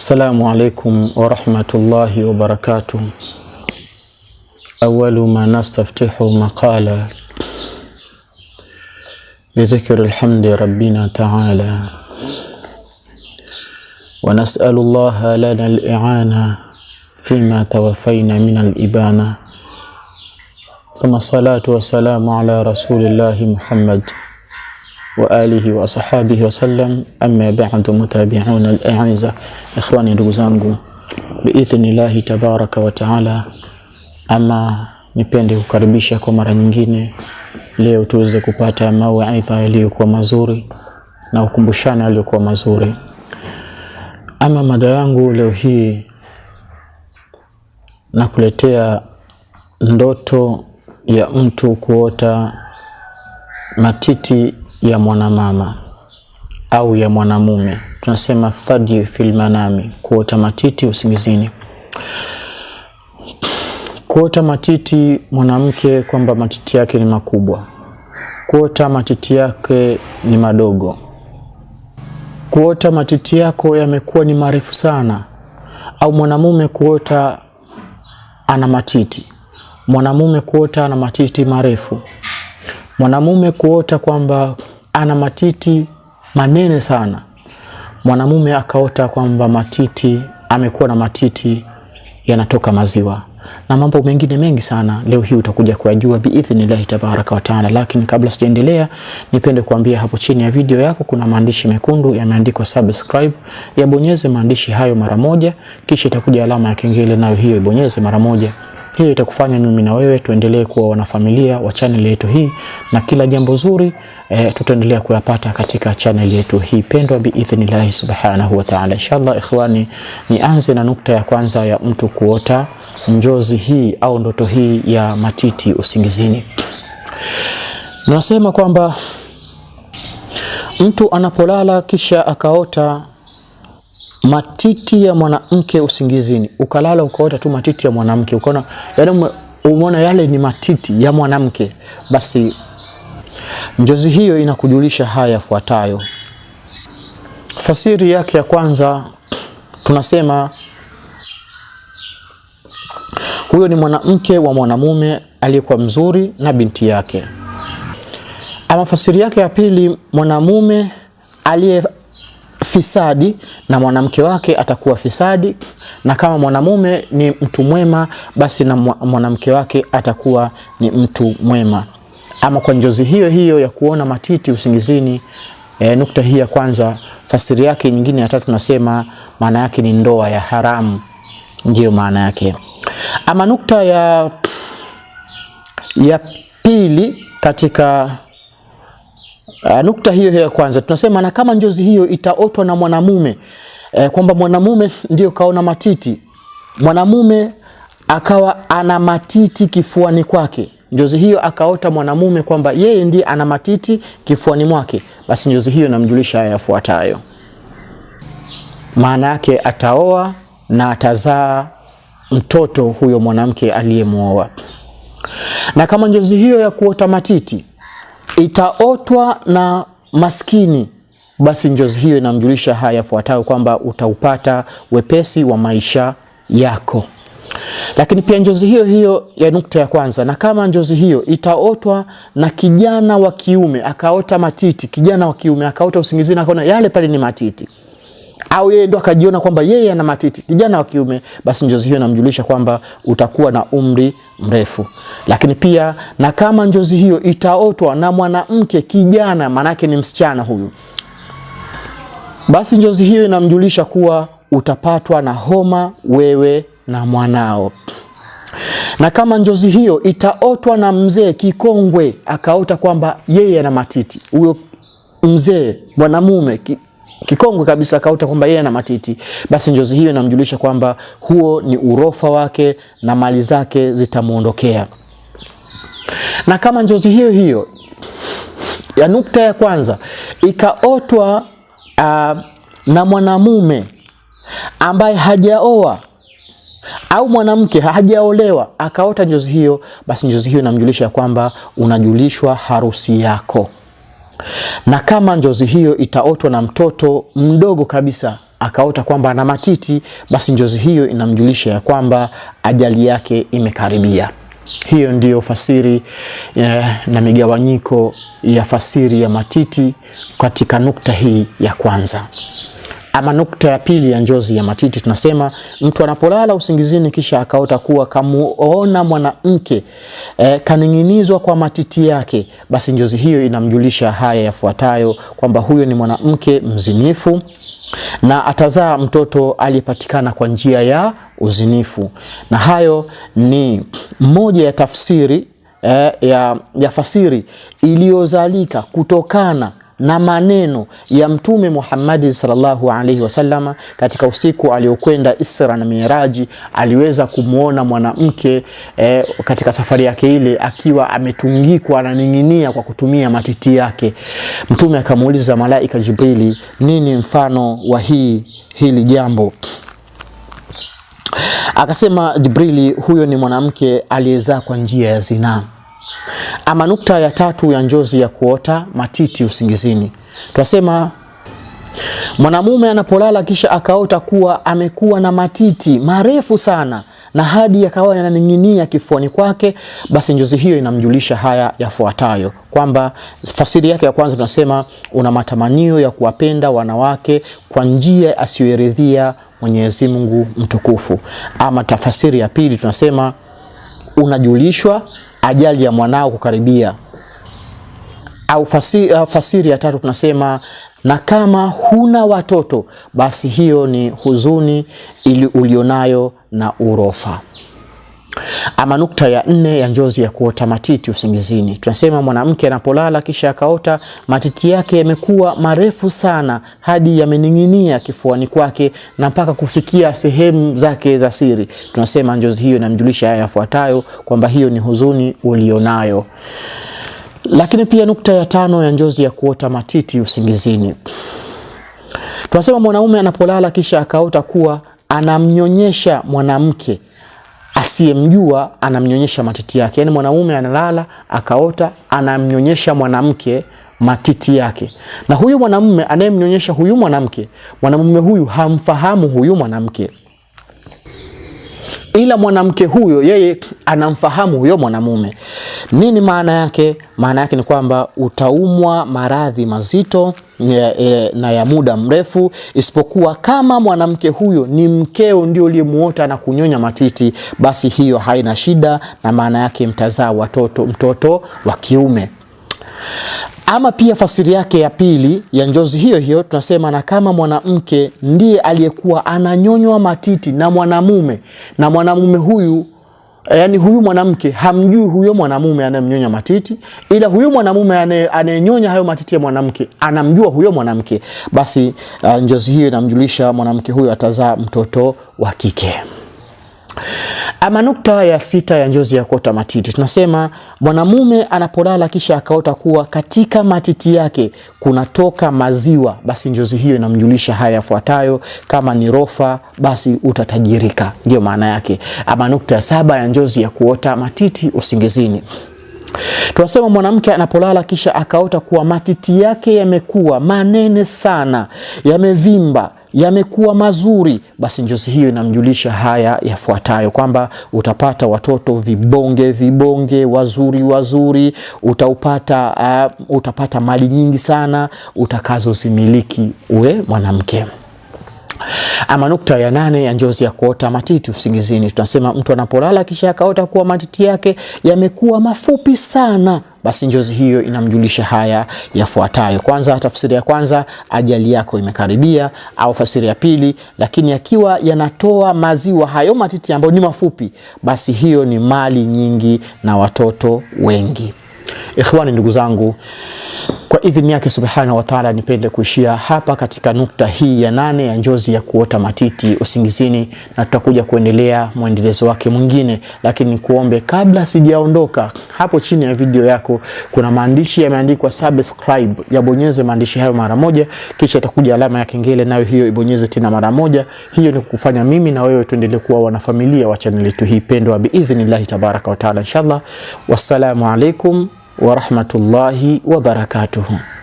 السلام عليكم ورحمة الله وبركاته أول ما نستفتح مقالا بذكر الحمد ربنا تعالى ونسأل الله لنا الإعانة فيما توفينا من الإبانة ثم الصلاة والسلام على رسول الله محمد wa alihi wa wa sallam Amma ba'du, mutabi'una al aiza ikhwani, ndugu zangu, biidhnillahi tabaraka wa taala. Ama nipende kukaribisha kwa mara nyingine leo tuweze kupata mawaidha yaliyokuwa mazuri na ukumbushana yaliyokuwa mazuri. Ama mada yangu leo hii nakuletea ndoto ya mtu kuota matiti ya mwanamama au ya mwanamume, tunasema thadi fil manami, kuota matiti usingizini. Kuota matiti mwanamke kwamba matiti yake ni makubwa, kuota matiti yake ni madogo, kuota matiti yako yamekuwa ni marefu sana, au mwanamume kuota ana matiti, mwanamume kuota ana matiti marefu, mwanamume kuota kwamba ana matiti manene sana. Mwanamume akaota kwamba matiti, amekuwa na matiti yanatoka maziwa na mambo mengine mengi sana leo hii utakuja kuyajua biidhnillahi tabaraka wa taala. Lakini kabla sijaendelea, nipende kuambia hapo chini ya video yako kuna maandishi mekundu yameandikwa subscribe, yabonyeze maandishi hayo mara moja, kisha itakuja alama ya kengele, nayo hiyo ibonyeze mara moja. Hiyo itakufanya mimi na wewe tuendelee kuwa wanafamilia wa channel yetu hii, na kila jambo zuri e, tutaendelea kuyapata katika channel yetu hii pendwa biidhnillahi subhanahu wa ta'ala. Inshallah ikhwani, nianze na nukta ya kwanza ya mtu kuota njozi hii au ndoto hii ya matiti usingizini. Nasema kwamba mtu anapolala kisha akaota matiti ya mwanamke usingizini, ukalala ukaota tu matiti ya mwanamke, ukaona yani, umeona yale ni matiti ya mwanamke, basi njozi hiyo inakujulisha haya yafuatayo. Fasiri yake ya kwanza tunasema huyo ni mwanamke wa mwanamume aliyekuwa mzuri na binti yake. Ama fasiri yake ya pili, mwanamume aliye fisadi na mwanamke wake atakuwa fisadi, na kama mwanamume ni mtu mwema, basi na mwanamke wake atakuwa ni mtu mwema. Ama kwa njozi hiyo hiyo ya kuona matiti usingizini, e, nukta hii ya kwanza, fasiri yake nyingine ya tatu nasema maana yake ni ndoa ya haramu, ndiyo maana yake. Ama nukta ya ya pili katika Uh, nukta hiyo hiyo ya kwanza tunasema, na kama njozi hiyo itaotwa na mwanamume eh, kwamba mwanamume ndio kaona matiti, mwanamume akawa ana matiti kifuani kwake, njozi hiyo akaota mwanamume kwamba yeye ndiye ana matiti kifuani mwake, basi njozi hiyo namjulisha haya yafuatayo. Maana yake ataoa na atazaa mtoto huyo mwanamke aliyemwoa. Na kama njozi hiyo ya kuota matiti itaotwa na maskini, basi njozi hiyo inamjulisha haya yafuatayo kwamba utaupata wepesi wa maisha yako. Lakini pia njozi hiyo hiyo ya nukta ya kwanza, na kama njozi hiyo itaotwa na kijana wa kiume akaota matiti, kijana wa kiume akaota usingizini akaona yale pale ni matiti au yeye ndo akajiona kwamba yeye ana matiti, kijana wa kiume, basi njozi hiyo inamjulisha kwamba utakuwa na umri mrefu. Lakini pia na kama njozi hiyo itaotwa na mwanamke kijana, manake ni msichana huyu, basi njozi hiyo inamjulisha kuwa utapatwa na homa wewe na mwanao. Na kama njozi hiyo itaotwa na mzee kikongwe, akaota kwamba yeye ana matiti, huyo mzee mwanamume kikongwe kabisa kauta kwamba yeye ana matiti, basi njozi hiyo inamjulisha kwamba huo ni urofa wake na mali zake zitamwondokea. Na kama njozi hiyo hiyo ya nukta ya kwanza ikaotwa uh, na mwanamume ambaye hajaoa au mwanamke hajaolewa akaota njozi hiyo, basi njozi hiyo inamjulisha kwamba unajulishwa harusi yako na kama njozi hiyo itaotwa na mtoto mdogo kabisa akaota kwamba ana matiti, basi njozi hiyo inamjulisha ya kwamba ajali yake imekaribia. Hiyo ndiyo fasiri eh, na migawanyiko ya fasiri ya matiti katika nukta hii ya kwanza. Ama nukta ya pili ya njozi ya matiti tunasema mtu anapolala usingizini kisha akaota kuwa kamuona mwanamke e, kaning'inizwa kwa matiti yake, basi njozi hiyo inamjulisha haya yafuatayo kwamba huyo ni mwanamke mzinifu na atazaa mtoto aliyepatikana kwa njia ya uzinifu. Na hayo ni moja ya tafsiri e, ya, ya fasiri iliyozalika kutokana na maneno ya Mtume Muhammad sallallahu alaihi wasallam katika usiku aliokwenda Isra na Miraji, aliweza kumwona mwanamke eh, katika safari yake ile akiwa ametungikwa ananing'inia kwa kutumia matiti yake. Mtume akamuuliza malaika Jibrili, nini mfano wa hii hili jambo? Akasema Jibrili, huyo ni mwanamke aliyezaa kwa njia ya zinaa. Ama nukta ya tatu ya njozi ya kuota matiti usingizini, twasema mwanamume anapolala kisha akaota kuwa amekuwa na matiti marefu sana na hadi yakawa yananing'inia kifuani kwake, basi njozi hiyo inamjulisha haya yafuatayo, kwamba fasiri yake ya kwanza tunasema una matamanio ya kuwapenda wanawake kwa njia asiyoridhia Mwenyezi Mungu mtukufu. Ama tafasiri ya pili tunasema unajulishwa ajali ya mwanao kukaribia. Au fasiri, uh, fasiri ya tatu tunasema na kama huna watoto basi hiyo ni huzuni ulionayo na urofa. Ama nukta ya nne ya njozi ya kuota matiti usingizini, tunasema mwanamke anapolala kisha akaota matiti yake yamekuwa marefu sana hadi yamening'inia kifuani kwake na mpaka kufikia sehemu zake za siri, tunasema njozi hiyo inamjulisha haya yafuatayo, kwamba hiyo ni huzuni ulionayo. Lakini pia nukta ya tano ya njozi ya kuota matiti usingizini, tunasema mwanaume anapolala kisha akaota kuwa anamnyonyesha mwanamke asiyemjua anamnyonyesha matiti yake. Yaani mwanamume analala akaota, anamnyonyesha mwanamke matiti yake, na huyu mwanamume anayemnyonyesha huyu mwanamke, mwanamume huyu hamfahamu huyu mwanamke ila mwanamke huyo yeye anamfahamu huyo mwanamume. Nini maana yake? Maana yake ni kwamba utaumwa maradhi mazito ya, ya, na ya muda mrefu, isipokuwa kama mwanamke huyo ni mkeo ndio uliyemuota na kunyonya matiti, basi hiyo haina shida, na maana yake mtazaa watoto mtoto wa kiume. Ama pia fasiri yake ya pili ya njozi hiyo hiyo tunasema, na kama mwanamke ndiye aliyekuwa ananyonywa matiti na mwanamume, na mwanamume huyu yani huyu mwanamke hamjui huyo mwanamume anayemnyonya matiti, ila huyo mwanamume anayenyonya hayo matiti ya mwanamke anamjua huyo mwanamke, basi uh, njozi hiyo inamjulisha mwanamke huyo atazaa mtoto wa kike. Ama nukta ya sita ya njozi ya kuota matiti, tunasema mwanamume anapolala kisha akaota kuwa katika matiti yake kunatoka maziwa, basi njozi hiyo inamjulisha haya yafuatayo: kama ni rofa, basi utatajirika. Ndiyo maana yake. Ama nukta ya saba ya njozi ya kuota matiti usingizini Tunasema mwanamke anapolala kisha akaota kuwa matiti yake yamekuwa manene sana, yamevimba yamekuwa mazuri, basi njozi hiyo inamjulisha haya yafuatayo, kwamba utapata watoto vibonge vibonge wazuri wazuri, utaupata uh, utapata mali nyingi sana utakazozimiliki uwe mwanamke. Ama nukta ya nane ya njozi ya kuota matiti usingizini, tunasema mtu anapolala kisha akaota kuwa matiti yake yamekuwa mafupi sana, basi njozi hiyo inamjulisha haya yafuatayo. Kwanza, tafsiri ya kwanza, ajali yako imekaribia, au fasiri ya pili, lakini akiwa yanatoa maziwa hayo matiti ambayo ni mafupi, basi hiyo ni mali nyingi na watoto wengi. Ikhwani, ndugu zangu kwa idhini yake subhanahu wa taala, nipende kuishia hapa katika nukta hii ya nane ya njozi ya kuota matiti usingizini, na tutakuja kuendelea mwendelezo wake mwingine, lakini nikuombe kabla sijaondoka, hapo chini ya video yako kuna maandishi yameandikwa subscribe, yabonyeze maandishi hayo mara moja, kisha itakuja alama ya kengele, nayo hiyo ibonyeze tena mara moja. Hiyo ni kukufanya mimi na wewe tuendelee kuwa wanafamilia wa chaneli yetu hii pendwa, biidhnillahi tabaraka wa taala, inshallah. Wassalamu alaikum ورحمة الله وبركاته